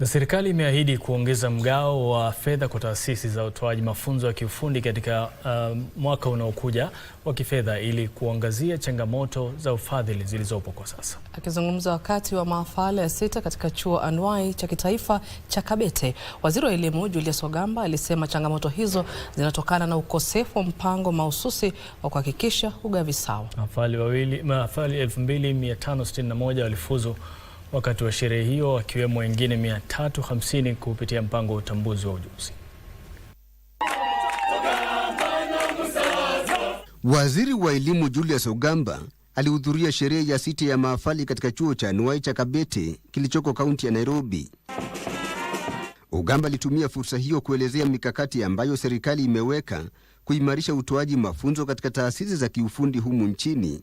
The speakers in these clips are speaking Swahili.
Na serikali imeahidi kuongeza mgao wa fedha kwa taasisi za utoaji mafunzo ya kiufundi katika uh, mwaka unaokuja wa kifedha ili kuangazia changamoto za ufadhili zilizopo kwa sasa. Akizungumza wakati wa maafala ya sita katika chuo anwai cha kitaifa cha Kabete, Waziri wa Elimu Julius Ogamba alisema changamoto hizo zinatokana na ukosefu wa mpango mahususi wa kuhakikisha ugavi sawa. Mahafali 2561 walifuzu wakati wa sherehe hiyo wakiwemo wengine 350 kupitia mpango wa utambuzi wa ujuzi. Waziri wa Elimu Julius Ogamba alihudhuria sherehe ya sita ya mahafali katika chuo cha anuai cha Kabete kilichoko kaunti ya Nairobi. Ogamba alitumia fursa hiyo kuelezea mikakati ambayo serikali imeweka kuimarisha utoaji mafunzo katika taasisi za kiufundi humu nchini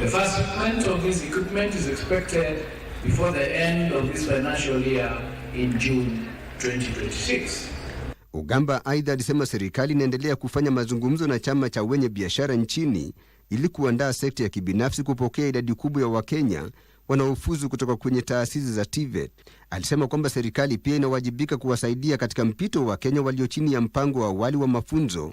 The first payment of this equipment is expected before the end of this financial year in June 2026. Ugamba aidha alisema serikali inaendelea kufanya mazungumzo na chama cha wenye biashara nchini ili kuandaa sekta ya kibinafsi kupokea idadi kubwa ya Wakenya wanaofuzu kutoka kwenye taasisi za TVET. Alisema kwamba serikali pia inawajibika kuwasaidia katika mpito wa Wakenya walio chini ya mpango wa awali wa mafunzo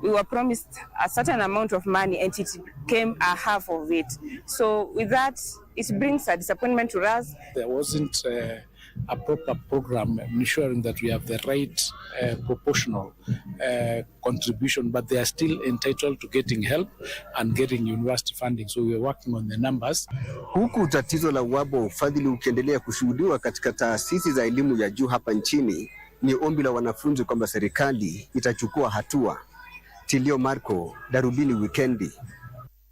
we were promised a certain amount of money and it came a half of it. So with that, it brings a disappointment to us. There wasn't uh, a proper program ensuring that we have the right uh, proportional uh, contribution, but they are still entitled to getting help and getting university funding. So we are working on the numbers. Huku tatizo la uhaba wa ufadhili ukiendelea kushuhudiwa katika taasisi za elimu ya juu hapa nchini, ni ombi la wanafunzi kwamba serikali itachukua hatua Tilio Marco, Darubini Wikendi.